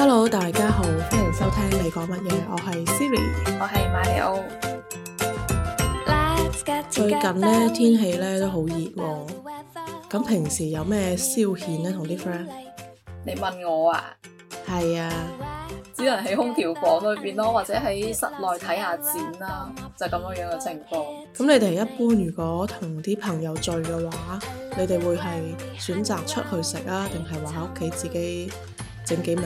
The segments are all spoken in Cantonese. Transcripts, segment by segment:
Hello，大家好，歡迎收聽你講乜嘢，我係 Siri，我係瑪利奧。最近咧天氣咧都好熱喎，咁平時有咩消遣？咧同啲 friend？你問我啊？係啊，只能喺空調房裏邊咯，或者喺室內睇下展啦，就咁樣樣嘅情況。咁你哋一般如果同啲朋友聚嘅話，你哋會係選擇出去食啊，定係話喺屋企自己整幾味？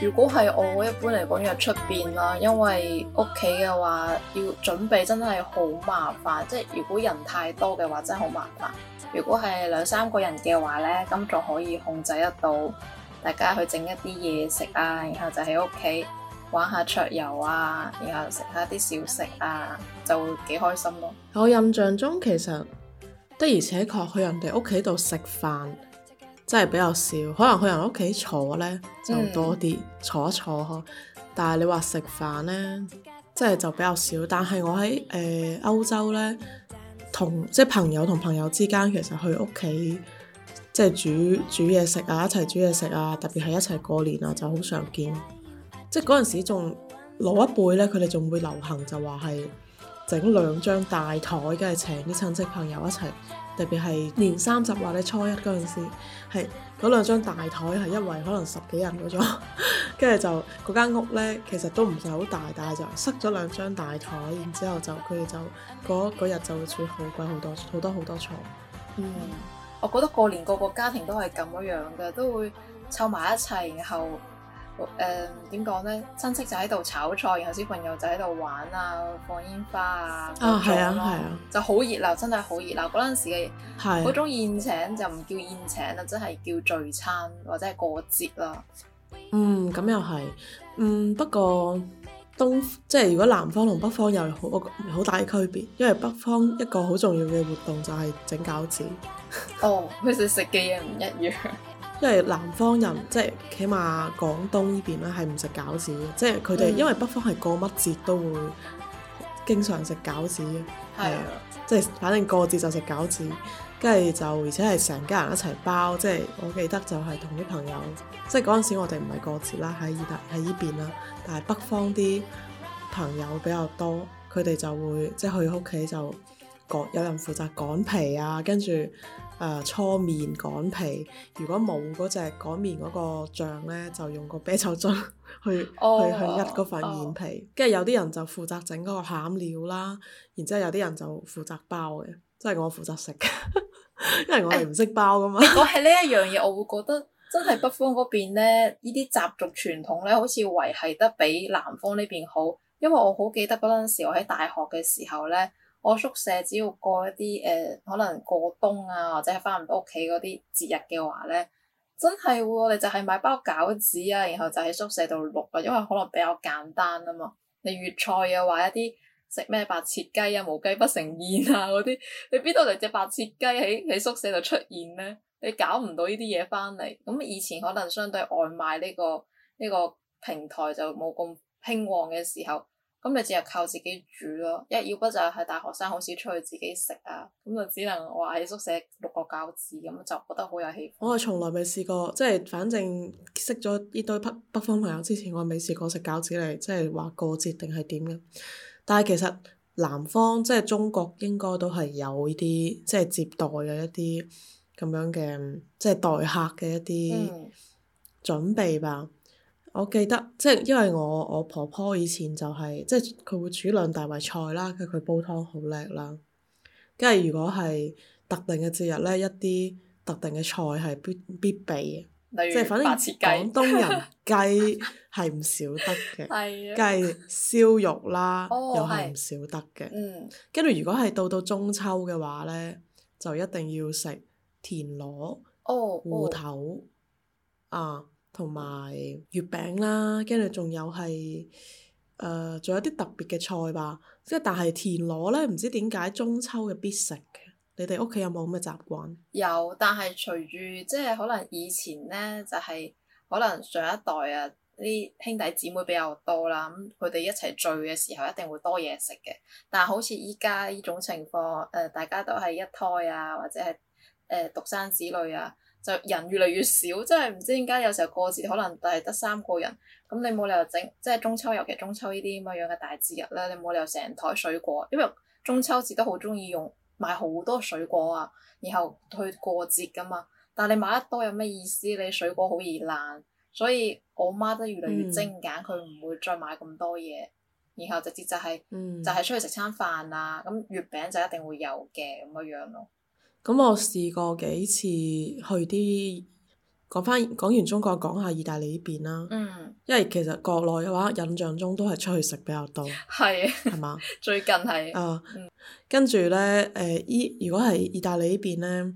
如果係我，一般嚟講約出邊啦，因為屋企嘅話要準備真係好麻煩，即係如果人太多嘅話真係好麻煩。如果係兩三個人嘅話呢，咁就可以控制得到，大家去整一啲嘢食啊，然後就喺屋企玩下桌遊啊，然後食下啲小食啊，就會幾開心咯。我印象中，其實的而且確去人哋屋企度食飯。真係比較少，可能去人屋企坐咧就多啲，嗯、坐一坐，但係你話食飯咧，即係就比較少。但係我喺誒、呃、歐洲咧，同即係朋友同朋友之間，其實去屋企即係煮煮嘢食啊，一齊煮嘢食啊，特別係一齊過年啊，就好常見。即係嗰陣時仲老一輩咧，佢哋仲會流行就話係。整兩張大台，跟住請啲親戚朋友一齊，特別係年三十或者初一嗰陣時，係嗰兩張大台係一圍可能十幾人嗰種，跟住就嗰間屋呢，其實都唔係好大，但係就塞咗兩張大台，然之後就佢哋就嗰日就會煮好鬼好多，好多好多菜。嗯，我覺得過年個個家庭都係咁樣嘅，都會湊埋一齊，然後。誒，點講呢？親戚就喺度炒菜，然後小朋友就喺度玩啊，放煙花啊，啊係啊係啊，啊啊就好熱鬧，真係好熱鬧。嗰陣時嘅係嗰種宴請就唔叫宴請啦，真係叫聚餐或者係過節啦。嗯，咁又係。嗯，不過，東即係如果南方同北方又好好大嘅區別，因為北方一個好重要嘅活動就係整餃子。 哦，佢哋食嘅嘢唔一樣。因為南方人即係起碼廣東呢邊啦，係唔食餃子，即係佢哋因為北方係過乜節都會經常食餃子嘅，啊、嗯，即係反正過節就食餃子，跟住就而且係成家人一齊包，即係我記得就係同啲朋友，即係嗰陣時我哋唔係過節啦，喺意大喺呢邊啦，但係北方啲朋友比較多，佢哋就會即係去屋企就講有人負責擀皮啊，跟住。誒搓、呃、麵擀皮，如果冇嗰隻擀麵嗰個醬咧，就用個啤酒樽 去去、oh, oh, oh. 去一嗰份麵皮。跟住有啲人就負責整嗰個餡料啦，然之後有啲人就負責包嘅，即係我負責食，因為我係唔識包噶嘛、哎。 我喺呢一樣嘢，我會覺得真係北方嗰邊呢，呢啲習俗傳統呢，好似維繫得比南方呢邊好，因為我好記得嗰陣時，我喺大學嘅時候呢。我宿舍只要過一啲誒、呃，可能過冬啊，或者係翻唔到屋企嗰啲節日嘅話咧，真係喎、哦，我哋就係買包餃子啊，然後就喺宿舍度淥啊，因為可能比較簡單啊嘛。你粵菜啊，話一啲食咩白切雞啊，無雞不成宴啊嗰啲，你邊度嚟隻白切雞喺喺宿舍度出現咧？你搞唔到呢啲嘢翻嚟，咁以前可能相對外賣呢、呢個呢、呢個平台就冇咁興旺嘅時候。咁咪只係靠自己煮咯，一要不就係大學生好少出去自己食啊，咁就只能話喺宿舍六個餃子咁就覺得有好有氣氛。我係從來未試過，即係反正識咗呢堆北北方朋友之前，我未試過食餃子嚟，即係話過節定係點嘅。但係其實南方即係中國應該都係有呢啲即係接待嘅一啲咁樣嘅即係待客嘅一啲準備吧。嗯我記得，即係因為我我婆婆以前就係、是，即係佢會煮兩大圍菜啦，跟住佢煲湯好叻啦。跟住如果係特定嘅節日咧，一啲特定嘅菜係必必備嘅，即係反正廣東人雞係唔 少得嘅，梗係、啊、燒肉啦又係唔少得嘅。跟住、嗯、如果係到到中秋嘅話咧，就一定要食田螺、哦、芋頭啊。哦嗯同埋月餅啦，跟住仲有係，誒、呃，仲有啲特別嘅菜吧。即係但係田螺咧，唔知點解中秋嘅必食嘅。你哋屋企有冇咁嘅習慣？有，但係隨住即係可能以前咧，就係、是、可能上一代啊，啲兄弟姊妹比較多啦，咁佢哋一齊聚嘅時候一定會多嘢食嘅。但係好似依家呢種情況，誒、呃、大家都係一胎啊，或者係誒獨生子女啊。就人越嚟越少，即係唔知點解有時候過節可能就係得三個人，咁你冇理由整，即係中秋尤其中秋呢啲咁嘅樣嘅大節日咧，你冇理由成枱水果，因為中秋節都好鍾意用買好多水果啊，然後去過節㗎嘛。但係你買得多有咩意思？你水果好易爛，所以我媽都越嚟越精簡，佢唔、嗯、會再買咁多嘢，然後直接就係、是嗯、就係出去食餐飯啊，咁月餅就一定會有嘅咁嘅樣咯。咁我試過幾次去啲講翻講完中國，講下意大利呢邊啦。嗯。因為其實國內嘅話，印象中都係出去食比較多。係是。係嘛吧？最近係。啊、嗯。跟住咧，誒，依如果係意大利呢邊咧，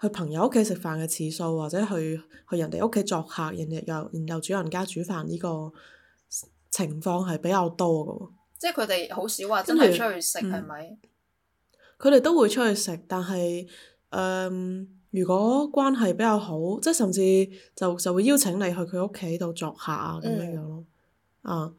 去朋友屋企食飯嘅次數，或者去去人哋屋企作客，人哋又又主人家煮飯呢個情況係比較多嘅。即係佢哋好少話真係出去食係咪？佢哋、嗯吧嗯、都會出去食，但係。誒，um, 如果關係比較好，即係甚至就就會邀請你去佢屋企度作客啊咁樣樣咯。啊、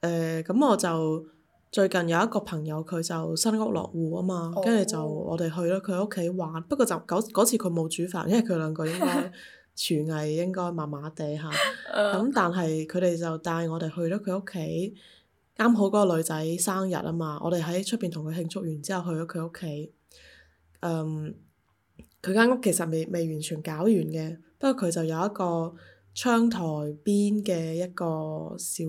嗯，誒、嗯，咁、嗯、我就最近有一個朋友佢就新屋落戶啊嘛，跟住、oh. 就我哋去咗佢屋企玩。不過就嗰次佢冇煮飯，因為佢兩個應該廚藝應該麻麻地嚇。咁 但係佢哋就帶我哋去咗佢屋企，啱好嗰個女仔生，生日啊嘛，我哋喺出邊同佢慶祝完之後去咗佢屋企，嗯佢間屋其實未未完全搞完嘅，不過佢就有一個窗台邊嘅一個小，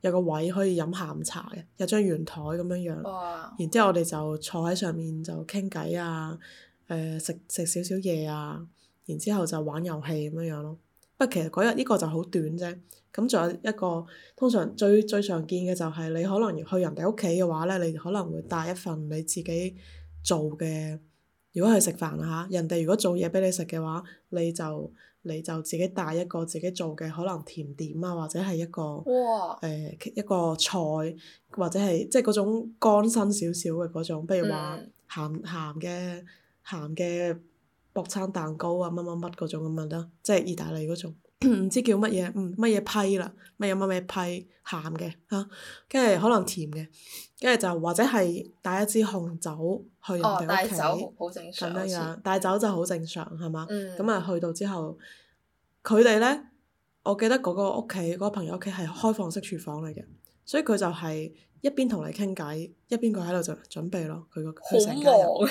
有個位可以飲下午茶嘅，有張圓台咁樣樣。Oh. 然之後我哋就坐喺上面就傾偈啊，誒食食少少嘢啊，然之後就玩遊戲咁樣樣、啊、咯。不過其實嗰日呢個就好短啫，咁仲有一個通常最最常見嘅就係你可能要去人哋屋企嘅話咧，你可能會帶一份你自己做嘅。如果係食飯啦，人哋如果做嘢俾你食嘅話，你就你就自己帶一個自己做嘅，可能甜點啊，或者係一個誒哇、呃、一個菜，或者係即係嗰種乾身少少嘅嗰種，比如話鹹鹹嘅鹹嘅薄撐蛋糕啊、乜乜乜嗰種咁啊啦，即係意大利嗰種。唔知叫乜嘢，嗯，乜嘢批啦，乜嘢乜嘢批鹹嘅，嚇、啊，跟住可能甜嘅，跟住就或者係帶一支紅酒去人哋屋企，咁樣樣帶酒就好正常係嘛？咁啊去到之後，佢哋咧，我記得嗰個屋企嗰個朋友屋企係開放式廚房嚟嘅，所以佢就係、是。一邊同你傾偈，一邊佢喺度就準備咯，佢個好忙，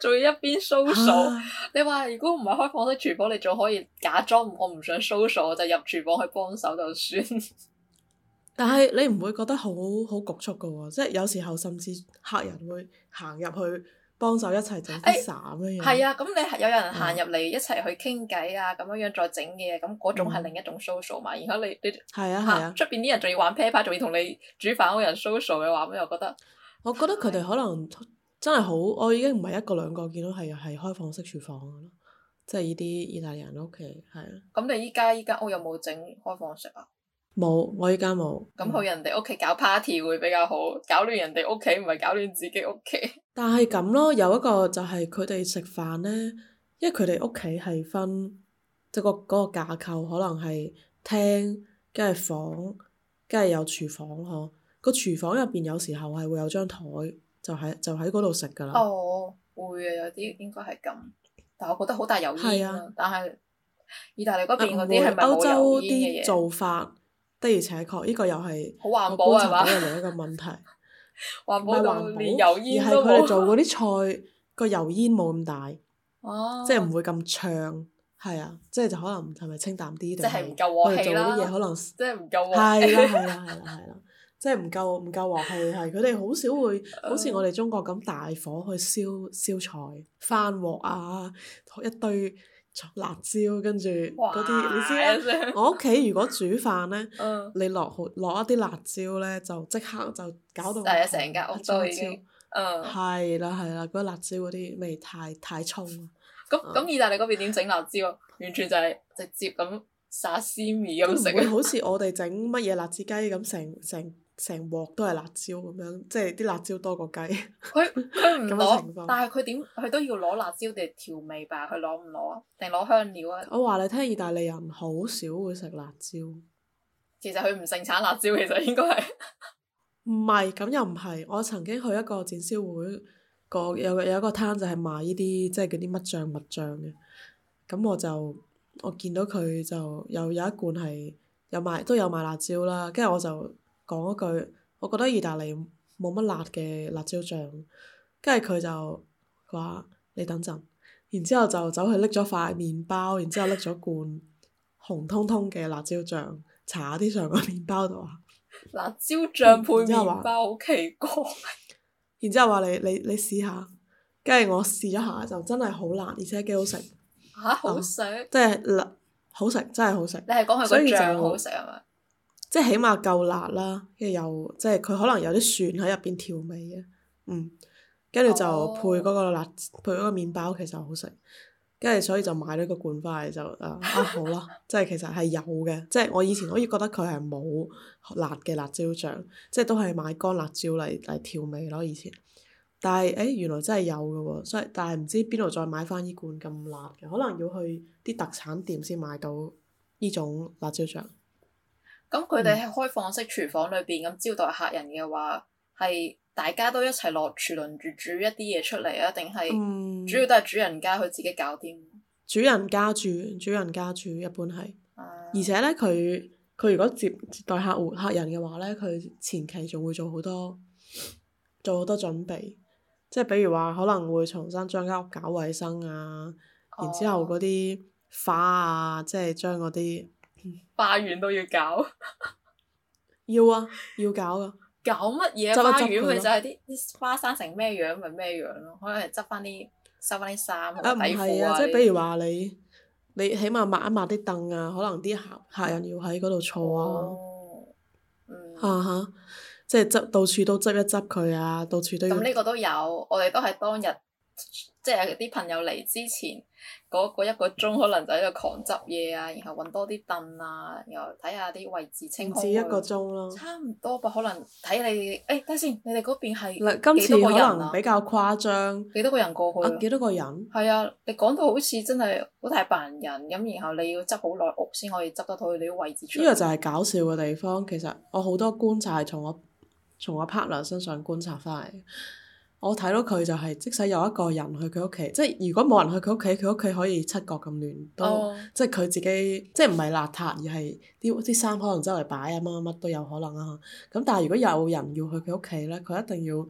仲要一邊 show 唉你話，如果唔係開放式廚房，你仲可以假裝我唔想 show 我就入廚房去幫手就算。 但係你唔會覺得好好局促㗎喎，即係有時候甚至客人會行入去。幫手一齊整，係、欸、麼啊！咁你有人行入嚟一齊去傾偈啊，咁樣樣再整嘢，咁嗰種係另一種 social 嘛、嗯。然後你你啊，出邊啲人仲要玩啤牌，仲要同你煮飯屋、那個、人 social 嘅話，咩我覺得？我覺得佢哋可能真係好，啊、我已經唔係一個兩個，見到係係開放式廚房咯，即係呢啲意大利人屋企係啊。咁你依家依家屋有冇整開放式啊？冇，我依、嗯、家冇。咁去人哋屋企搞 party 會比較好，搞亂人哋屋企唔係搞亂自己屋企。 但係咁咯，有一個就係佢哋食飯呢，因為佢哋屋企係分，即係個個架構可能係廳，跟住房，跟住有廚房嗬。個廚房入邊有時候係會有張台，就喺就喺嗰度食噶啦。哦，會啊，有啲應該係咁。但我覺得好大油煙啊！啊但係意大利嗰邊嗰啲係咪歐洲啲做法？的而且確，呢、這個又係我觀察到嘅另一個問題。環保就連而係佢哋做嗰啲菜，個油煙冇咁大，哇即係唔會咁嗆，係啊，即係就可能係咪清淡啲？做即係唔夠鑊氣啦！能即係唔夠鑊氣，係啦係啦係啦係啦，即係唔夠唔夠鑊氣，係佢哋好少會好似我哋中國咁大火去燒燒菜、翻鑊啊，一堆。辣椒跟住嗰啲，哇你知 我屋企如果煮飯呢， 嗯、你落好落一啲辣椒呢，就即刻就搞到。係啊，成間屋都已經，椒嗯。係啦係啦，嗰啲辣椒嗰啲味太太衝啊！咁咁、嗯、意大利嗰邊點整辣椒？完全就係直接咁撒絲味咁食。唔會好似我哋整乜嘢辣子雞咁成成。成鑊都係辣椒咁樣，即係啲辣椒多過雞。佢唔攞，但係佢點佢都要攞辣椒嚟調味吧？佢攞唔攞啊？定攞香料啊？我話你聽，意大利人好少會食辣椒。其實佢唔盛產辣椒，其實應該係。唔係，咁又唔係。我曾經去一個展銷會，個有有一個攤就係賣呢啲即係嗰啲乜醬乜醬嘅。咁我就我見到佢就有有一罐係有賣都有賣辣椒啦，跟住我就。講嗰句，我覺得意大利冇乜辣嘅辣椒醬，跟住佢就話：你等陣，然之後就走去拎咗塊麵包，然之後拎咗罐紅通通嘅辣椒醬，搽下啲上個麵包度啊！辣椒醬配麵包，好奇怪！然之後話，你你你試下，跟住我試咗下就真係好辣，而且幾好食。嚇、啊！好食，即係辣，好食真係好食。你係講佢個醬好食係咪？即係起碼夠辣啦，跟住又即係佢可能有啲蒜喺入邊調味嘅。嗯，跟住就配嗰個辣，oh. 配嗰個麵包其實好食，跟住所以就買咗個罐翻嚟就啊好啦， 即係其實係有嘅，即係我以前可以覺得佢係冇辣嘅辣椒醬，即係都係買乾辣椒嚟嚟調味咯以前，但係誒原來真係有㗎喎，所以但係唔知邊度再買翻呢罐咁辣嘅，可能要去啲特產店先買到呢種辣椒醬。咁佢哋喺開放式廚房裏邊咁招待客人嘅話，係大家都一齊落廚輪住煮一啲嘢出嚟啊？定係主要都係主人家佢自己搞掂？嗯。主人家煮，主人家煮一般係。啊、而且咧，佢佢如果接接待客戶客人嘅話咧，佢前期仲會做好多做好多準備，即係比如話可能會重新將間屋搞衞生啊，哦、然之後嗰啲花啊，即係將嗰啲。花園都要搞， 要啊，要搞啊，搞乜嘢花園？咪就係啲花生成咩樣咪咩樣咯。可能執翻啲收翻啲衫啊，唔係、哦嗯、啊，即係比如話你你起碼抹一抹啲凳啊，可能啲客客人要喺嗰度坐啊，吓吓，即係執到處都執一執佢啊，到處都要。咁呢個都有，我哋都係當日。即係啲朋友嚟之前，嗰、嗰、一個鐘可能就喺度狂執嘢啊，然後搵多啲凳啊，然後睇下啲位置清唔清。只一個鐘咯，差唔多吧？可能睇你，誒、哎，等下先，你哋嗰邊係、啊、今次可能比較誇張，幾多個人過去啊？幾多個人？係啊，你講到好似真係好大班人，咁然後你要執好耐屋先可以執得到你啲位置。呢個就係搞笑嘅地方，其實我好多觀察係從我從我 partner 身上觀察翻嚟。我睇到佢就係、是，即使有一個人去佢屋企，即係如果冇人去佢屋企，佢屋企可以七國咁亂，都、嗯、即係佢自己，即係唔係邋遢，而係啲啲衫可能周圍擺啊，乜乜都有可能啊。咁但係如果有人要去佢屋企咧，佢一定要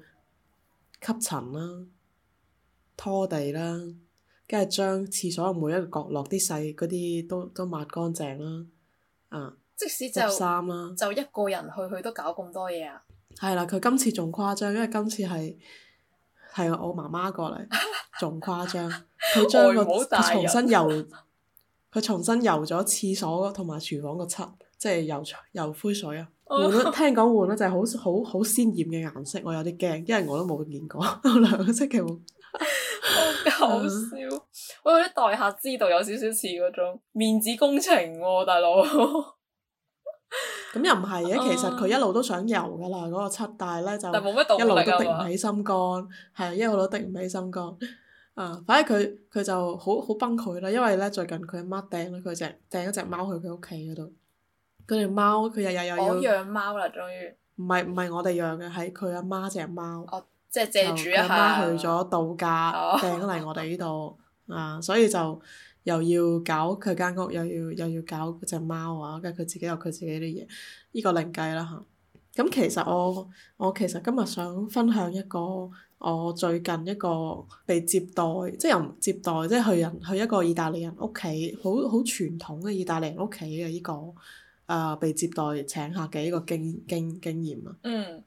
吸塵啦、拖地啦，跟住將廁所每一個角落啲細嗰啲都都抹乾淨啦。啊！即使就衫啦，啊、就一個人去，去都搞咁多嘢啊？係啦，佢今次仲誇張，因為今次係。係啊！我媽媽過嚟仲誇張，佢將個佢重新油，佢重新油咗廁所同埋廚房個漆，即係油油灰水啊！換咗聽講換咗就係好好好鮮豔嘅顏色，我有啲驚，因為我都冇見過 兩個星期冇。 好搞笑！ 我覺得待客之道有少少似嗰種面子工程喎、啊，大佬。咁又唔係嘅，其實佢一路都想遊噶啦，嗰、嗰個七大呢，大係咧就一路都滴唔起心肝，係，一路都滴唔起心肝。啊，反正佢佢就好好崩潰啦，因為咧最近佢阿媽掟咗佢隻掟咗隻貓去佢屋企嗰度，佢隻貓佢日日又要我養貓啦，終於。唔係唔係我哋養嘅，係佢阿媽隻貓。哦，即係借住一下阿媽去咗度假，掟嚟、哦、我哋呢度啊，所以就。又要搞佢間屋，又要又要搞嗰隻貓啊！跟住佢自己有佢自己啲嘢，呢個另計啦嚇。咁其實我我其實今日想分享一個我最近一個被接待，即係又唔接待，即係去人去一個意大利人屋企，好好傳統嘅意大利人屋企嘅呢個誒被接待請客嘅一個經經經驗啊。嗯。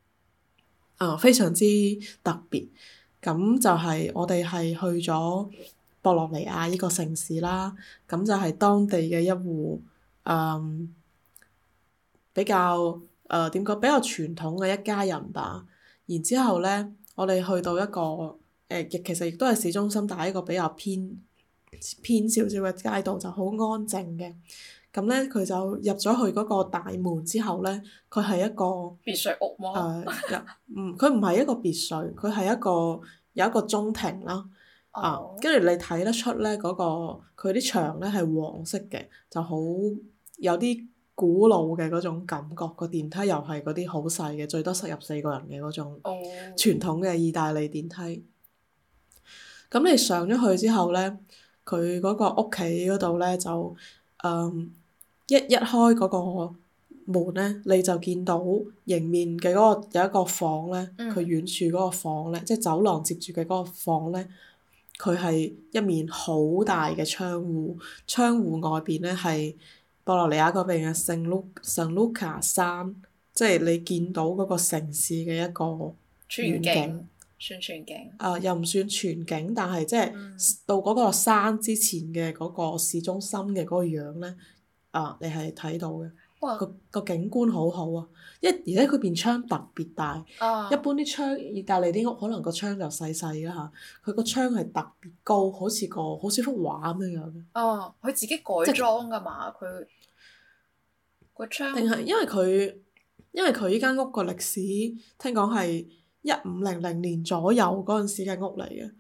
啊，非常之特別。咁就係我哋係去咗。博洛尼亞呢個城市啦，咁就係當地嘅一戶誒、嗯、比較誒點講比較傳統嘅一家人吧。然之後咧，我哋去到一個誒，亦、呃、其實亦都係市中心，但係一個比較偏偏少少嘅街道，就好安靜嘅。咁、嗯、咧，佢就入咗去嗰個大門之後咧，佢係一個別墅屋嗎？誒、 呃，佢唔係一個別墅，佢係一個有一個中庭啦。啊，跟住你睇得出咧，嗰、那個佢啲牆咧係黃色嘅，就好有啲古老嘅嗰種感覺。個電梯又係嗰啲好細嘅，最多塞入四個人嘅嗰種傳統嘅意大利電梯。咁、哦、你上咗去之後咧，佢嗰個屋企嗰度咧就誒、嗯、一一開嗰個門咧，你就見到迎面嘅嗰、那個有一個房咧，佢遠處嗰個房咧，嗯、即係走廊接住嘅嗰個房咧。佢係一面好大嘅窗戶，嗯、窗戶外邊咧係博洛尼亞嗰邊嘅聖 Luca 聖 Luca 山，即係你見到嗰個城市嘅一個景全景，算全景啊，又唔算全景，但係即係到嗰個山之前嘅嗰個市中心嘅嗰個樣咧，嗯、啊，你係睇到嘅。哇個個景觀好好啊！因而且佢邊窗特別大，啊、一般啲窗意大利啲屋可能個窗就細細啦，嚇，佢個窗係特別高，好似個好似幅畫咁樣。哦、啊，佢自己改裝噶嘛，佢個即窗。定係因為佢，因為佢依間屋個歷史聽講係一五零零年左右嗰陣時嘅屋嚟嘅，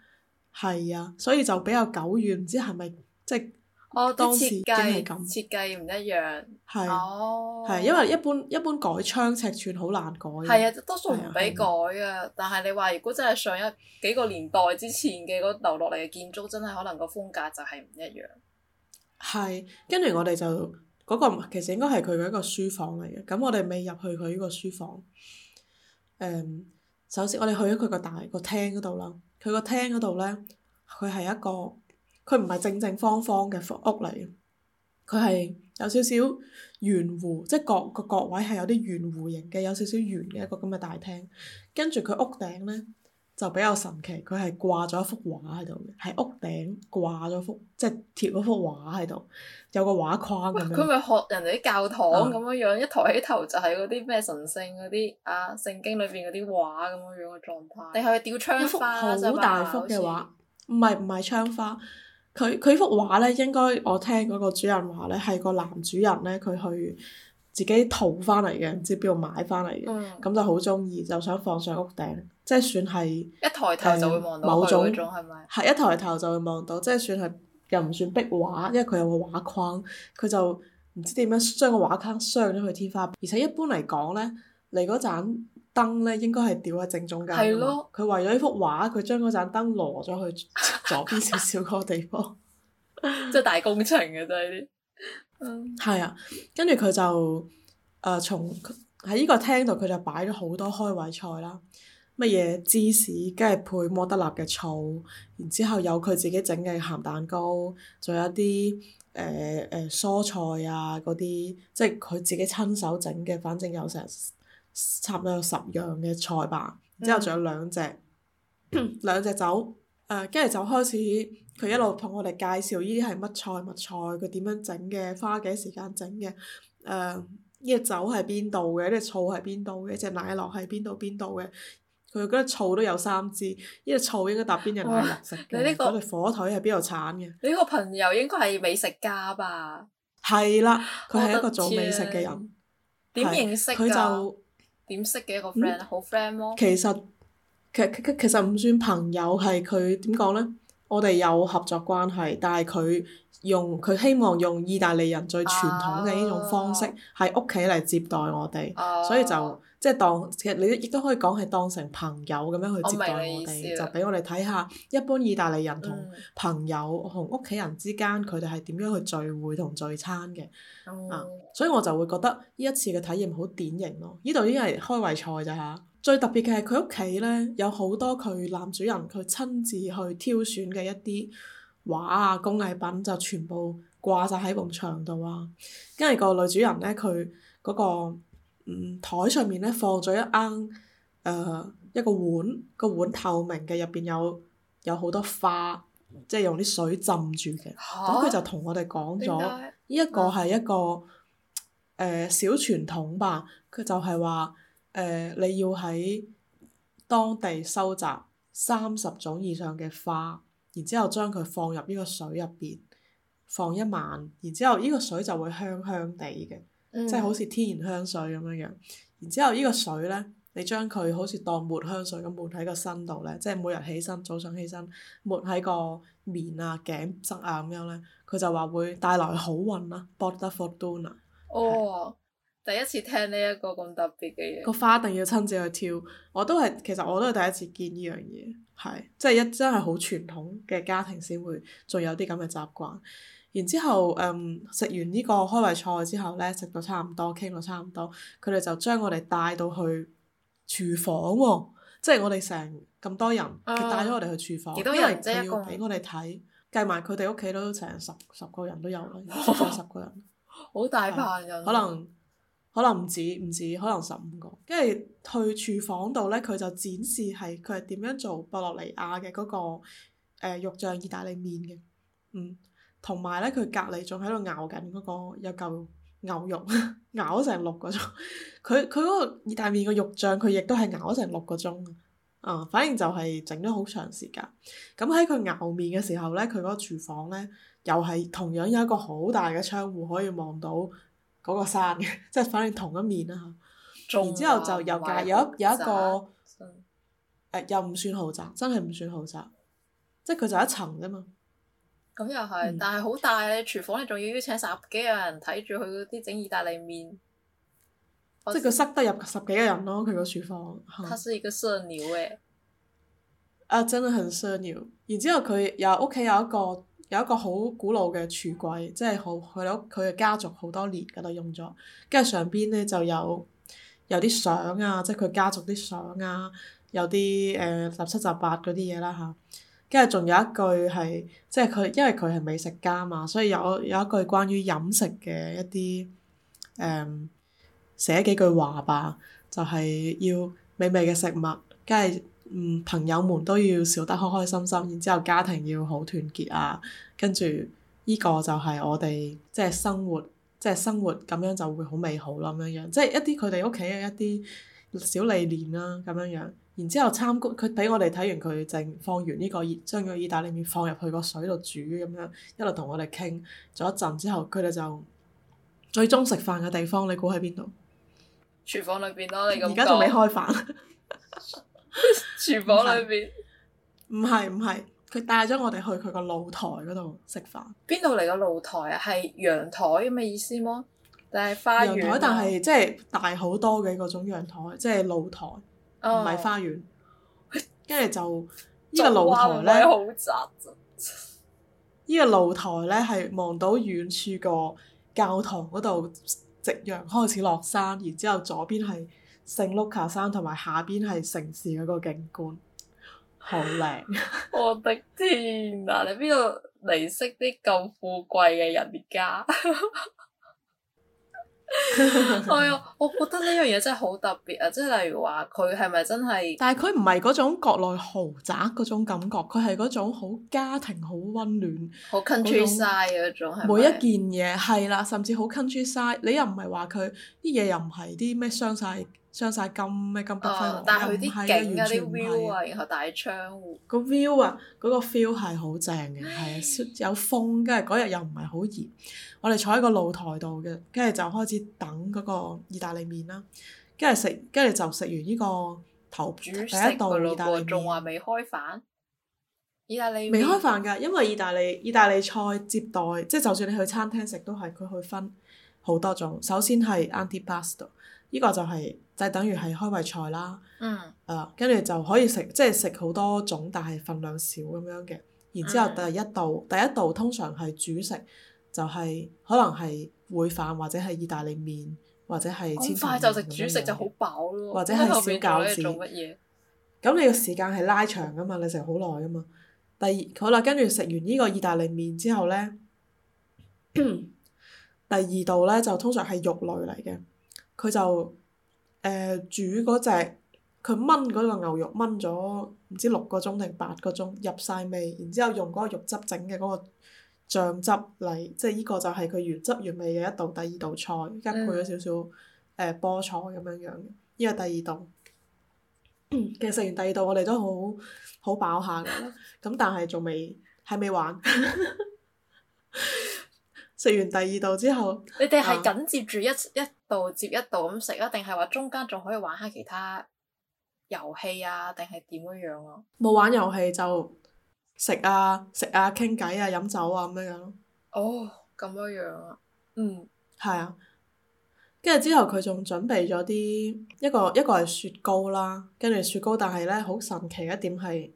係啊，所以就比較久遠，唔知係咪即係。哦，當時係咁設計設計唔一樣，係是，係、哦、因為一般一般改窗尺寸好難改。係啊，多數唔俾改啊。的但係你話如果真係上一幾個年代之前嘅嗰留落嚟嘅建築，真係可能個風格就係唔一樣。係，跟住我哋就嗰、那個其實應該係佢嘅一個書房嚟嘅。咁我哋未入去佢呢個書房。誒、嗯，首先我哋去咗佢個大個廳嗰度啦。佢個廳嗰度咧，佢係一個。佢唔係正正方方嘅屋嚟，佢係有少少圓弧，即係各，各個角位係有啲圓弧形嘅，有少少圓嘅一個咁嘅大廳。跟住佢屋頂咧就比較神奇，佢係掛咗一幅畫喺度嘅，喺屋頂掛咗幅即係貼咗幅畫喺度，有個畫框咁樣。佢咪學人哋啲教堂咁樣樣，吧一抬起頭就係嗰啲咩神聖嗰啲啊聖經裏邊嗰啲畫咁樣樣嘅狀態。你係咪吊窗花？幅好大幅嘅畫，唔係唔係窗花。佢佢幅畫咧，應該我聽嗰個主人話咧，係個男主人咧，佢去自己淘翻嚟嘅，唔知邊度買翻嚟嘅，咁、嗯、就好中意，就想放上屋頂，即係算係一抬頭就會望到。某種係、嗯、一抬頭就會望到，即係算係又唔算壁畫，因為佢有個畫框，佢就唔知點樣將個畫框鑲咗去天花。而且一般嚟講咧，嚟嗰陣。燈咧，應該係吊喺正中間。係咯的，佢為咗呢幅畫，佢將嗰盞燈挪咗去左邊少少嗰個地方，即係 大工程嘅就係呢啲。係 啊，跟住佢就誒從喺呢個廳度，佢就擺咗好多開胃菜啦，乜嘢芝士，跟住配摩德納嘅醋，然之後有佢自己整嘅鹹蛋糕，仲有一啲誒誒蔬菜啊嗰啲，即係佢自己親手整嘅，反正有成。差唔多有十樣嘅菜吧，之、嗯、後仲有兩隻兩隻酒，誒、呃，跟住就開始佢一路同我哋介紹呢啲係乜菜乜菜，佢點樣整嘅，花幾時間整嘅，誒、呃，呢、這、隻、個、酒係邊度嘅，呢、這、隻、個、醋係邊度嘅，隻、這個、奶酪係邊度邊度嘅，佢嗰啲醋都有三支，呢、這、隻、個、醋應該搭邊樣奶酪、哦、食嘅，嗰個、這個、火腿係邊度產嘅？你呢個朋友應該係美食家吧？係啦，佢係一個做美食嘅人。點認識㗎？點識嘅一個 friend、嗯、好 friend 咯、哦。其實，其實其實唔算朋友，係佢點講咧？我哋有合作關係，但係佢用佢希望用意大利人最傳統嘅呢種方式，喺屋企嚟接待我哋，啊、所以就。啊即係當，其實你亦都可以講係當成朋友咁樣去接待我哋，我就俾我哋睇下一般意大利人同朋友同屋企人之間佢哋係點樣去聚會同聚餐嘅、嗯、啊，所以我就會覺得呢一次嘅體驗好典型咯、啊。呢度已經係開胃菜咋，嚇、嗯，最特別嘅係佢屋企咧有好多佢男主人佢親自去挑選嘅一啲畫啊工藝品就全部掛晒喺埲牆度啊，跟住個女主人咧佢嗰個。嗯，台上面咧放咗一盎，誒、呃、一個碗，個碗透明嘅，入邊有有好多花，即係用啲水浸住嘅。咁佢、啊、就同我哋講咗，呢一個係一個誒小傳統吧。佢就係話誒，你要喺當地收集三十種以上嘅花，然之後將佢放入呢個水入邊，放一晚，然之後呢個水就會香香地嘅。嗯、即係好似天然香水咁樣樣，然之後呢個水呢，你將佢好似當抹香水咁抹喺個身度呢，即係每日起身早上起身抹喺個面啊頸側啊咁樣呢，佢就話會帶來好運啦，porta fortuna。The 哦，是第一次聽呢一個咁特別嘅嘢。個花一定要親自去挑，我都係，其實我都係第一次見呢樣嘢，係即係一真係好傳統嘅家庭先會仲有啲咁嘅習慣。然之後，嗯，食完呢個開胃菜之後咧，食到差唔多，傾到差唔多，佢哋就將我哋帶到去廚房喎、哦，即係我哋成咁多人，佢帶咗我哋去廚房，因為佢要俾我哋睇，計埋佢哋屋企都成十十個人都有啦，十個人，好、 嗯、大羣人可，可能可能唔止唔止，可能十五個，跟住去廚房度咧，佢就展示係佢係點樣做博洛尼亞嘅嗰個、呃、肉醬意大利麵嘅，嗯。同埋咧，佢隔離仲喺度咬緊嗰個有嚿牛肉，咬咗成六個鐘。佢佢嗰個意大利麵嘅肉醬，佢亦都係咬咗成六個鐘。啊，反正就係整咗好長時間。咁喺佢咬麵嘅時候咧，佢嗰個廚房咧，又係同樣有一個好大嘅窗戶可以望到嗰個山嘅，即係反正同一面啦，然文之後就又隔有哇有一個又唔算豪宅，真係唔算豪宅，即係佢就一層啫嘛。咁又係，嗯、但係好大嘅廚房你仲要邀請十幾個人睇住佢嗰啲整意大利麵，即係佢塞得入十幾個人咯。佢個廚房。它是一個奢牛誒，啊，真的很奢牛。嗯、然之後佢有屋企有一個有一個好古老嘅櫥櫃，即係好佢屋佢嘅家族好多年噶啦用咗，跟住上邊咧就有有啲相、呃、啊，即係佢家族啲相啊，有啲誒十七、十八嗰啲嘢啦嚇。因為仲有一句係，即係佢，因為佢係美食家嘛，所以有有一句關於飲食嘅一啲誒、嗯，寫幾句話吧，就係要美味嘅食物，梗係嗯，朋友們都要笑得開開心心，然之後家庭要好團結啊，跟住呢個就係我哋即係生活，即係生活咁樣就會好美好啦咁樣樣，即係一啲佢哋屋企嘅一啲小理念啦咁樣樣。然之後參觀佢俾我哋睇完佢，淨放完呢個熱將個意大利麵放入去個水度煮咁樣，一路同我哋傾咗一陣之後，佢哋就最終食飯嘅地方，你估喺邊度？廚房裏邊咯，你而家仲未開飯？廚 房裏邊唔係，唔係，佢帶咗我哋去佢個露台嗰度食飯。邊度嚟個露台啊？係陽台咁嘅意思麼？定係花陽台？但係即係大好多嘅嗰種陽台，即係露台。唔係花園，跟住就呢、哎、個露台咧，好窄呢、啊、呢個露台咧係望到遠處個教堂嗰度，夕陽開始落山，然之後左邊係聖碌卡山，同埋下邊係城市嗰個景觀，好靚！ 我的天啊！你邊度嚟識啲咁富貴嘅人家？ 係啊、 哎，我覺得呢樣嘢真係好特別啊！即係例如話，佢係咪真係？但係佢唔係嗰種國內豪宅嗰種感覺，佢係嗰種好家庭、好温暖、好 countryside 嗰種。每一件嘢係啦，甚至好 countryside。你又唔係話佢啲嘢又唔係啲咩傷晒。上晒金咩金不翻，又唔係啊！完全 view 啊，然後大窗戶。那 view, 嗯、個 view 啊，嗰個 feel 係好正嘅，係啊，有風，跟住嗰日又唔係好熱，我哋坐喺個露台度嘅，跟住就開始等嗰個意大利麵啦，跟住食，跟住就食完呢個頭第一道意大利麵。仲話未開飯？意大利麵未開飯㗎，因為意大利意大利菜接待，即、就、係、係、就算你去餐廳食都係佢去分好多種，首先係 antipasto。呢個就係、是、就係、是、等於係開胃菜啦，誒、嗯啊，跟住就可以食，即係食好多種，但係份量少咁樣嘅。然之後第一道、嗯、第一道通常係主食，就係、是、可能係燴飯或者係意大利麵或者係。好快就食主食就好飽咯。或者係小餃子。咁你個時間係拉長噶嘛？你食好耐噶嘛？第二好啦，跟住食完依個意大利麵之後咧， 第二道咧就通常係肉類嚟嘅。佢就誒、呃、煮嗰隻，佢炆嗰個牛肉炆咗唔知六個鐘定八個鐘，入晒味。然之後用嗰個肉汁整嘅嗰個醬汁嚟，即係依個就係佢原汁原味嘅一道第二道菜，依家配咗少少誒菠菜咁樣樣。呢個第二道， 其實食完第二道我哋都好好飽下㗎啦。咁但係仲未係未完，食 完第二道之後，你哋係緊接住一一。一一一度接一道咁食啊，定係話中間仲可以玩下其他遊戲啊，定係點樣樣咯？冇玩遊戲就食啊食啊，傾偈啊，飲酒啊咁樣樣咯。哦，咁樣樣啊，嗯，係啊。跟住之後佢仲準備咗啲一,一個一個係雪糕啦，跟住雪糕，但係咧好神奇一點係，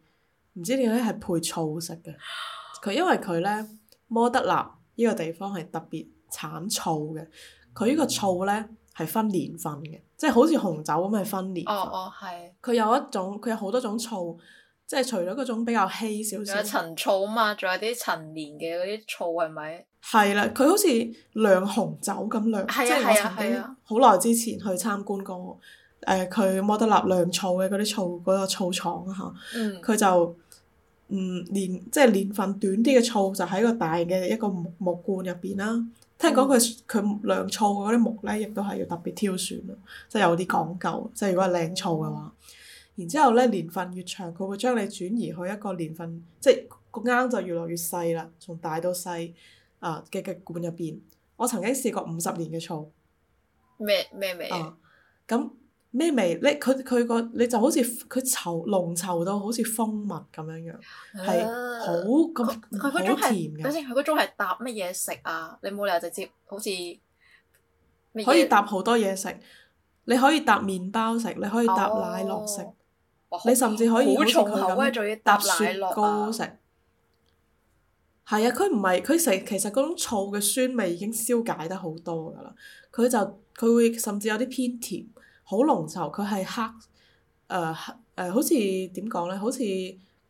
唔知點解係配醋食嘅。佢因為佢咧摩德納呢個地方係特別產醋嘅。佢呢個醋咧係分年份嘅，即係好似紅酒咁係分年哦。哦哦，係。佢有一種，佢有好多種醋，即係除咗嗰種比較稀少少。有陳醋啊嘛，仲有啲陳年嘅嗰啲醋係咪？係啦，佢好似釀紅酒咁釀，係即係好長啲。我曾經好耐之前去參觀過，誒，佢、呃、摩德納釀醋嘅嗰啲醋嗰、嗰個、醋廠啊嚇佢、嗯、就嗯年即係年份短啲嘅醋，就喺個大嘅一個木面一個一個木罐入邊啦。聽講佢佢釀醋嗰啲木咧，亦都係要特別挑選啦，即係有啲講究。即係如果係靚醋嘅話，然之後咧年份越長，佢會將你轉移去一個年份，即係個啱就越來越細啦，從大到細啊嘅嘅罐入邊。我曾經試過五十年嘅醋，咩咩咩味？咁。咩味咧？佢佢，嗰個你就好似佢稠濃稠到好似蜂蜜咁樣樣，係好咁佢嗰種甜嘅。佢嗰種係搭乜嘢食啊？你冇理由直接好似可以搭好多嘢食，你可以搭麵包食，你可以搭奶酪食，哦、你甚至可以好重口咁搭，仲要搭、啊、雪糕食。係啊，佢唔係佢食，其實嗰種醋嘅酸味已經消解得好多㗎啦。佢就佢會甚至有啲偏甜，甜。好濃稠，佢係黑，誒黑誒，好似點講咧？好似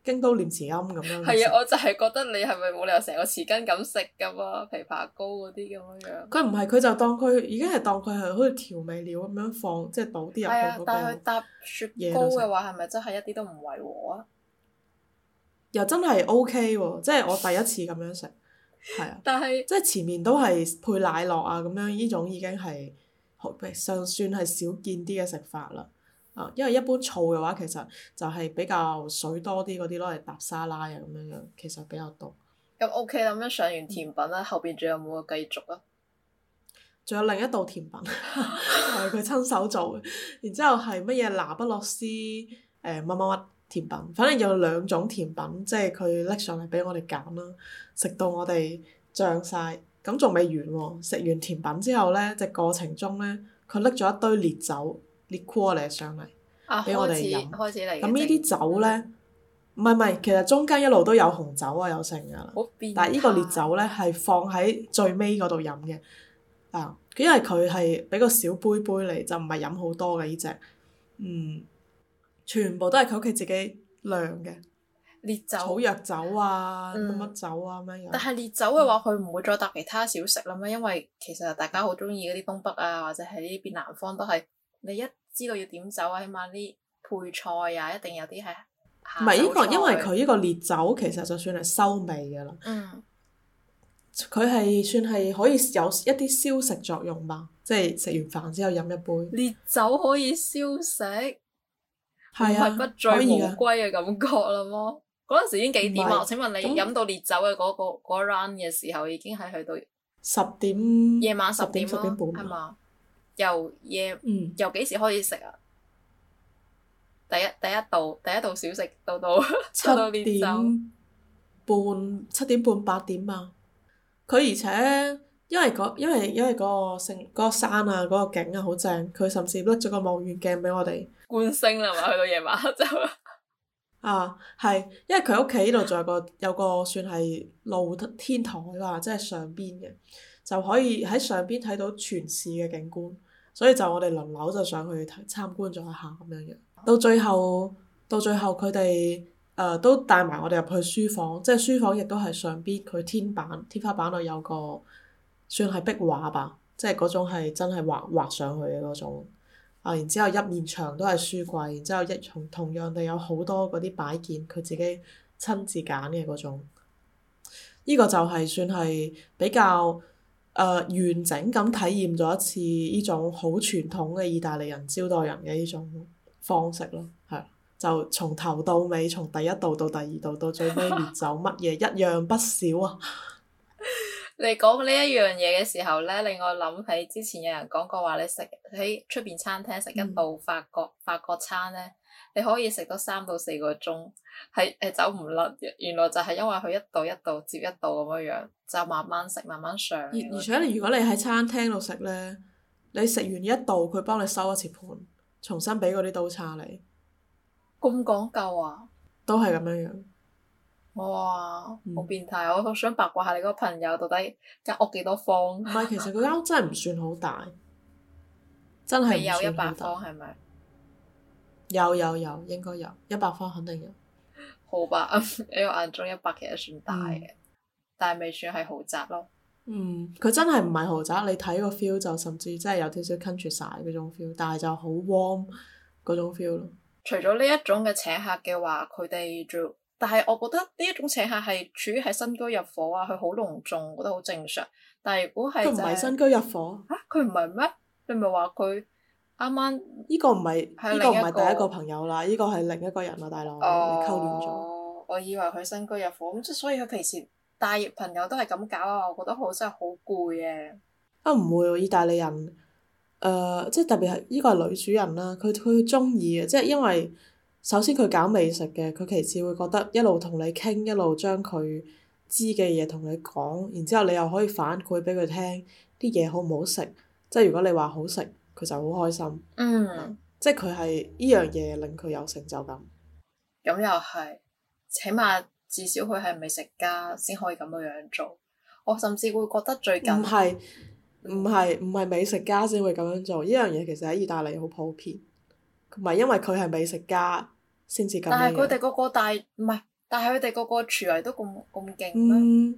京都念慈庵咁樣。係啊，我就係覺得你係咪冇理由成個匙羹咁食噶嘛？枇杷膏嗰啲咁樣。佢唔係，佢就當佢已經係當佢係好似調味料咁樣放，即係倒啲入去嗰個。但係佢搭雪糕嘅話，係咪真係一啲都唔違和啊？又真係 OK 喎，即係我第一次咁樣食。係啊。但係即係前面都係配奶酪啊，咁樣呢種已經係。好，誒尚算係少見啲嘅食法啦，啊，因為一般醋嘅話，其實就係比較水多啲嗰啲咯，嚟搭沙拉啊咁樣樣，其實比較多。咁 OK，咁樣上完甜品啦，後邊仲有冇啊？繼續啊？仲有另一道甜品，係佢 親手做嘅。然之後係乜嘢拿不落絲，誒乜乜乜甜品，反正有兩種甜品，即係佢拎上嚟俾我哋揀啦，食到我哋漲晒。咁仲未完喎，食完甜品之後咧，隻過程中咧，佢拎咗一堆烈酒烈 c 嚟上嚟，俾我哋飲。開始嚟。咁呢啲酒咧，唔係唔係，其實中間一路都有紅酒啊，有成噶。好變。但係呢個烈酒咧，係放喺最尾嗰度飲嘅，啊，因為佢係畀個小杯杯嚟，就唔係飲好多嘅呢隻，嗯，全部都係佢屋企自己釀嘅。烈酒、草藥酒啊，乜乜、嗯、酒啊，咩嘢？但係烈酒嘅話，佢唔、嗯、會再搭其他小食啦咩？因為其實大家好中意嗰啲東北啊，或者喺呢邊南方都係，你一知道要點酒啊，起碼啲配菜啊，一定有啲係、嗯。唔係呢個，因為佢呢個烈酒其實就算係收尾噶啦。嗯。佢係算係可以有一啲消食作用吧？即係食完飯之後飲一杯。烈酒可以消食，係啊，係不醉無歸嘅感覺啦嗰陣時已經幾點啊？是我請問你飲那到烈酒嘅嗰、那個嗰個 run 嘅時候，已經係去到十點夜晚十點,十點,十點半係嘛？由夜吧嗯，由幾時開始食啊？第一第一道第一道小食到到差七點半七 酒點半八點啊！佢而且因為嗰因為因為嗰、那個城嗰、那個那個山啊嗰、那個景啊好正，佢、那個、甚至拎咗個望遠鏡俾我哋觀星啦，係嘛？去到夜晚黑就。 啊，係，因為佢屋企呢度仲有個有個算係露天台啦，即係上邊嘅，就可以喺上邊睇到全市嘅景觀，所以就我哋輪流就上去參觀咗一下咁樣樣。到最後，到最後佢哋誒都帶埋我哋入去書房，即係書房亦都係上邊佢天板天花板度有個算係壁畫吧，即係嗰種係真係畫畫上去嘅嗰種。啊！然之後一面牆都係書櫃，然之後一同同樣地有好多嗰啲擺件，佢自己親自揀嘅嗰種。依、這個就係算係比較誒、呃、完整咁體驗咗一次呢種好傳統嘅意大利人招待人嘅呢種方式咯，係。就從頭到尾，從第一道到第二道到最尾烈酒乜嘢一樣不少啊！你講呢一樣嘢嘅時候咧，令我諗起之前有人講過話，你食喺出邊餐廳食一道法國、嗯、法國餐咧，你可以食到三到四個鐘，係係走唔甩嘅。原來就係因為佢一道一道接一道咁樣樣，就慢慢食慢慢上。而且你如果你喺餐廳度食咧，你食完一道，佢幫你收一次盤，重新俾嗰啲刀叉你。咁講究啊！都係咁樣樣。嗯哇，好變態！嗯、我好想八卦下你嗰個朋友到底間屋幾多方？唔係，其實佢間屋真係唔算好大，真係未有一百方，係咪？有有有，應該有一百方，肯定有。好吧，喺、嗯、 我眼中一百其實算大嘅，嗯、但係未算係豪宅咯。嗯，佢真係唔係豪宅，你睇個 feel 就甚至真係有少少 country style 嗰種 feel，但係就好 warm 嗰種 feel 咯。除咗呢一種嘅請客嘅話，佢哋做？但係，我覺得呢一種請客係處於係新居入伙啊，佢好隆重，我覺得好正常。但係如果係、就是，佢唔係新居入伙，嚇，佢唔係咩？你唔係話佢啱啱？呢個唔係，呢個唔係第一個朋友啦，呢、這個係另一個人啊，大佬，你、哦、溝亂咗。我以為佢新居入伙，咁，即所以佢平時帶朋友都係咁搞啊。我覺得好真係好攰嘅。啊唔會，意大利人誒、呃，即係特別係呢個係女主人啦，佢佢中意嘅，即係因為。首先佢搞美食嘅，佢其次會覺得一路同你傾，一路將佢知嘅嘢同你講，然之後你又可以反饋俾佢聽啲嘢好唔好食，即係如果你話好食，佢就好開心。嗯，即係佢係依樣嘢令佢有成就感。嗯。咁又係，起碼至少佢係美食家先可以咁樣樣做。我甚至會覺得最近唔係唔係唔係美食家先會咁樣做呢樣嘢，其實喺意大利好普遍。唔係因為佢係美食家，先至咁。但係佢哋個個大，唔係，但係佢哋個個廚藝都咁咁勁咩？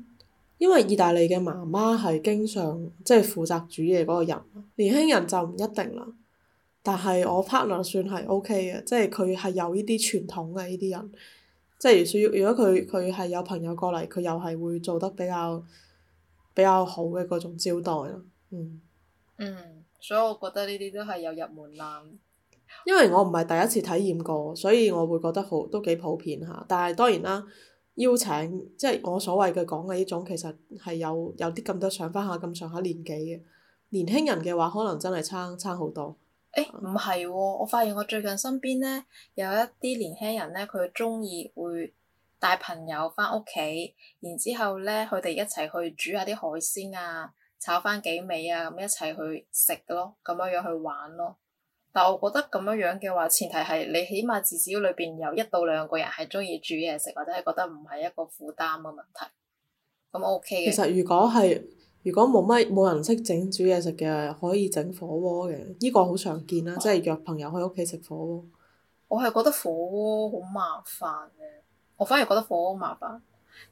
因為意大利嘅媽媽係經常即係負責煮嘢嗰個人，年輕人就唔一定啦。但係我 partner 算係 OK 嘅，即係佢係有呢啲傳統嘅呢啲人，即係需要如果佢佢係有朋友過嚟，佢又係會做得比較比較好嘅嗰種招待。嗯嗯，所以我覺得呢啲都係有入門難。因為我唔係第一次體驗過，所以我會覺得好都幾普遍嚇。但係當然啦，邀請即係、就是、我所謂嘅講嘅呢種，其實係有有啲咁多上翻下咁上下年紀嘅年輕人嘅話，可能真係差差好多。誒唔係喎，我發現我最近身邊呢，有一啲年輕人呢，佢中意會帶朋友翻屋企，然之後呢，佢哋一齊去煮下啲海鮮啊，炒翻幾味啊，咁一齊去食嘅咯，咁樣樣去玩咯。但我覺得咁樣樣嘅話，前提係你起碼至少裏邊有一到兩個人係中意煮嘢食，或者係覺得唔係一個負擔嘅問題，咁 O K 嘅。其實如果係如果冇乜冇人識整煮嘢食嘅，可以整火鍋嘅，呢個好常見啦，即係約朋友去屋企食火鍋。啊、我係覺得火鍋好麻煩嘅，我反而覺得火鍋麻煩，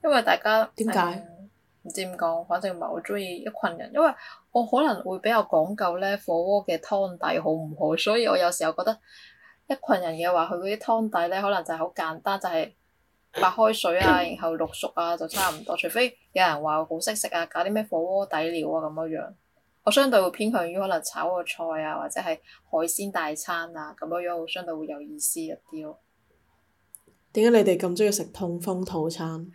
因為大家點解？唔知點講，反正唔係好中意一群人，因為我可能會比較講究咧火鍋嘅湯底好唔好，所以我有時候覺得一群人嘅話，佢嗰啲湯底咧可能就係好簡單，就係白開水啊，然後淥熟啊，就差唔多。除非有人話好識食啊，搞啲咩火鍋底料啊咁樣樣，我相對會偏向於可能炒個菜啊，或者係海鮮大餐啊咁樣樣，我相對會有意思一啲咯。點解你哋咁中意食痛風套餐？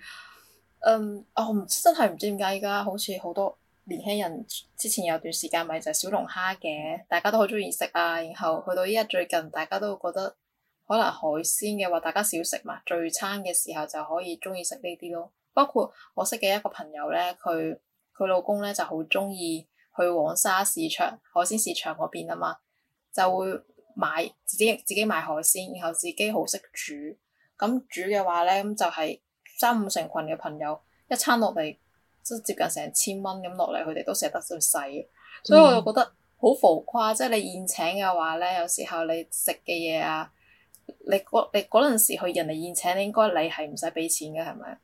嗯，我唔、um, 哦、真係唔知點解依家好似好多年輕人，之前有段時間咪就係小龍蝦嘅，大家都好中意食啊。然後去到依家最近，大家都覺得可能海鮮嘅話，大家少食嘛。聚餐嘅時候就可以中意食呢啲咯。包括我識嘅一個朋友咧，佢佢老公咧就好中意去黃沙市場海鮮市場嗰邊啊嘛，就會買自己自己買海鮮，然後自己好識煮。咁煮嘅話咧，咁就係、是。三五成群嘅朋友一餐落嚟，即接近成千蚊咁落嚟，佢哋都捨得去洗，是所以我就覺得好浮誇。即係你宴請嘅話咧，有時候你食嘅嘢啊，你嗰你嗰陣時去人哋宴請，你應該你係唔使俾錢嘅，係咪？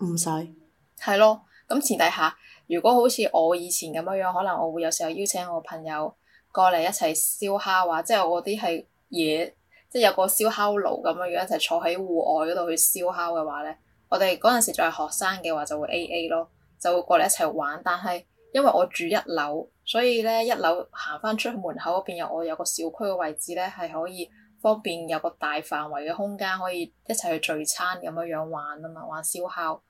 唔使用。係咯，咁前提下，如果好似我以前咁樣樣，可能我會有時候邀請我朋友過嚟一齊燒烤話，即係我啲係嘢。即係有個燒烤爐咁樣樣，如果一齊坐喺戶外嗰度去燒烤嘅話咧，我哋嗰陣時仲係學生嘅話就會 A A 咯，就會過嚟一齊玩。但係因為我住一樓，所以咧一樓行翻出去門口嗰邊有我有個小區嘅位置咧，係可以方便有個大範圍嘅空間可以一齊去聚餐咁樣樣玩啊嘛，玩燒烤。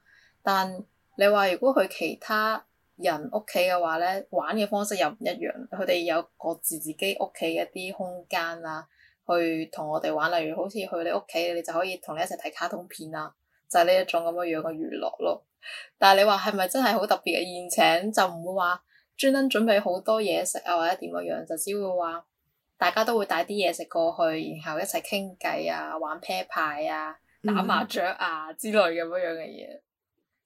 但你話如果去其他人屋企嘅話咧，玩嘅方式又唔一樣，佢哋有各自自己屋企一啲空間啊。去同我哋玩，例如好似去你屋企，你就可以同你一齊睇卡通片啦，就係呢一種咁樣樣嘅娛樂咯。但係你話係咪真係好特別嘅宴請？就唔會話專登準備好多嘢食啊，或者點樣樣，就只會話大家都會帶啲嘢食過去，然後一齊傾偈啊，玩啤牌啊，打麻雀啊之類咁樣樣嘅嘢，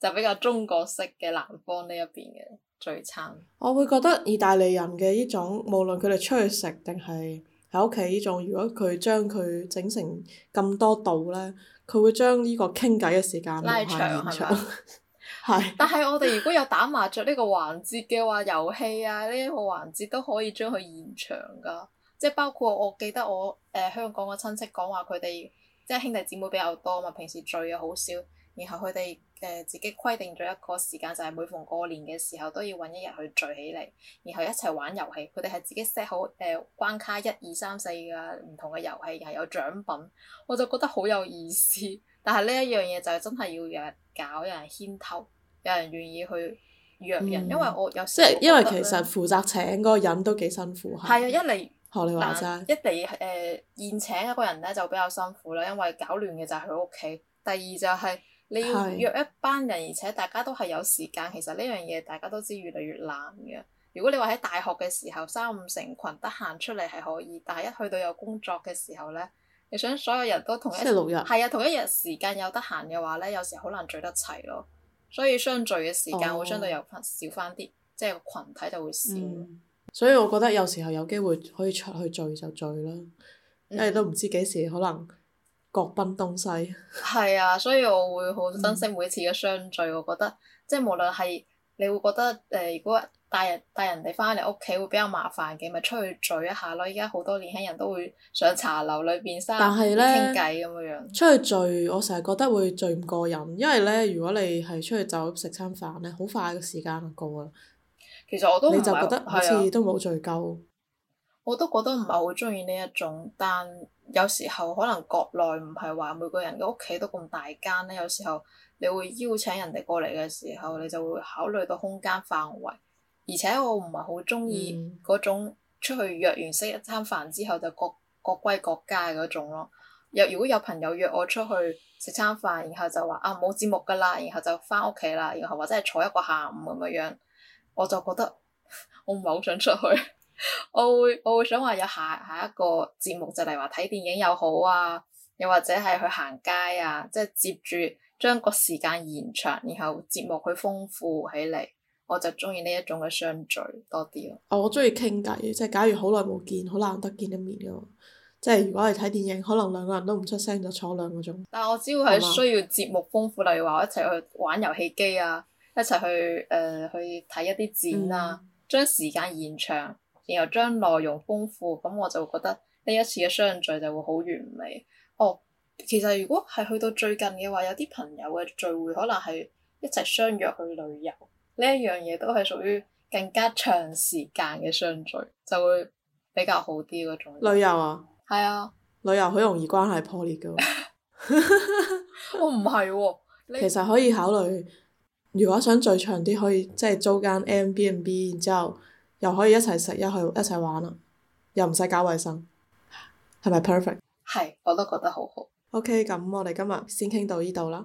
就比較中國式嘅南方呢一邊嘅聚餐。我會覺得意大利人嘅呢種，無論佢哋出去食定係。喺屋企仲，如果佢將佢整成咁多度咧，佢會將呢個傾偈嘅時間拉長係嘛？ 是但係我哋如果有打麻雀呢個環節嘅話，遊戲啊，呢一、呢個環節都可以將佢延長噶，即係包括我記得我誒、呃、香港嘅親戚講話佢哋即係兄弟姊妹比較多嘛，平時聚嘅好少。然後佢哋誒自己規定咗一個時間，就係、是、每逢過年嘅時候都要揾一日去聚起嚟，然後一齊玩遊戲。佢哋係自己 set 好誒、呃、關卡一二三四嘅唔同嘅遊戲，又有獎品，我就覺得好有意思。但係呢一樣嘢就係真係要有人搞，有人牽頭，有人願意去約人。嗯、因為我有即係，因為其實負責請嗰個人都幾辛苦。係啊、嗯，一嚟學你話齋，一嚟誒宴請一個人咧就比較辛苦啦，因為搞亂嘅就係佢屋企。第二就係、是。你要約一班人，而且大家都係有時間，其實呢樣嘢大家都知越嚟越難嘅。如果你話喺大學嘅時候三五成群得閒出嚟係可以，但係一去到有工作嘅時候咧，你想所有人都同一日，係啊，同一日時間有得閒嘅話咧，有時好難聚得齊咯。所以相聚嘅時間會相對有少翻啲，即係、哦、個群體就會少、嗯。所以我覺得有時候有機會可以出去聚就聚啦，因為都唔知幾時可能。各奔東西，係 啊，所以我會好珍惜每一次嘅相聚。嗯、我覺得即係無論係你會覺得誒，如、呃、果帶人帶人哋翻嚟屋企會比較麻煩嘅，咪出去聚一下咯。依家好多年輕人都會上茶樓裏邊生，但係咧傾偈咁樣。出去聚，我成日覺得會聚唔過癮，因為咧，如果你係出去走食餐飯咧，好快個時間就過啦。其實我都你就覺得好似都冇聚夠。我都覺得唔係好中意呢一種，但有時候可能國內唔係話每個人嘅屋企都咁大間咧，有時候你會邀請人哋過嚟嘅時候，你就會考慮到空間範圍。而且我唔係好中意嗰種出去約完食一餐飯之後就各各歸各家嗰種咯。有如果有朋友約我出去食餐飯，然後就話啊，冇節目噶啦，然後就返屋企啦，然後或者係坐一個下午咁樣樣，我就覺得我唔係好想出去。我會我會想話有下下一個節目，就例如話睇電影又好啊，又或者係去行街啊，即係接住將個時間延長，然後節目去豐富起嚟，我就中意呢一種嘅相聚多啲咯。我中意傾偈，即係假如好耐冇見，好難得見一面噶，即係如果係睇電影，可能兩個人都唔出聲就坐兩個鐘。但係我只會係需要節目豐富，嗎例如話我一齊去玩遊戲機啊，一齊去誒、呃、去睇一啲展啊，將、嗯、時間延長。然後將內容豐富，噉我就會覺得呢一次嘅相聚就會好完美哦。其實如果係去到最近嘅話，有啲朋友嘅聚會可能係一齊相約去旅遊呢一樣嘢，都係屬於更加長時間嘅相聚就會比較好啲嗰種旅遊啊。係 啊，旅遊好容易關係破裂㗎喎。我唔係喎，哦、其實可以考慮，如果想再長啲，可以即係租間 Mbnb，然之後。又可以一齊食，一去一齊玩啦，又唔使搞衞生，係咪 perfect？係，我都覺得好好。OK，咁我哋今日先傾到呢度啦。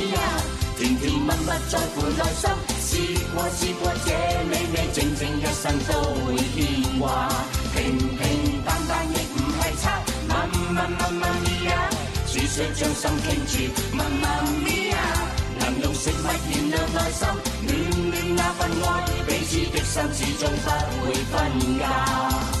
不在乎內心，試過試過這美味整整一生都會牽掛，平平淡淡亦唔係差。Mama Mama Mia，只需將心傾注。Mama Mia，能用食物燃亮愛心，暖暖那份愛，彼此的心始終不會分家。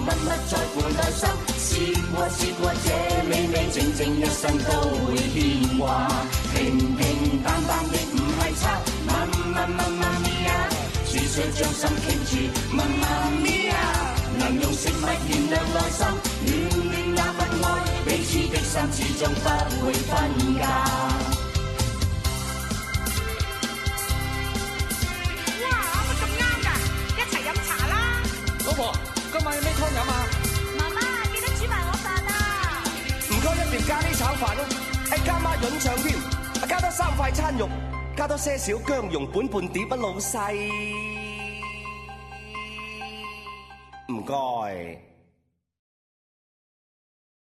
默默在乎內心，試過試過這美味，整整一生都會牽掛。平平淡淡亦唔係差，媽媽媽媽咪呀，只需將心傾住。媽媽咪呀，能用食物燃亮內心，暖暖那份愛，彼此的心始終不會分家。今晚有咩湯飲啊？媽媽記得煮埋我飯啦。唔該，一碟咖喱炒飯啦。誒，加孖潤腸添。加多三塊餐肉，加多些少薑蓉，半半碟不老細。唔該。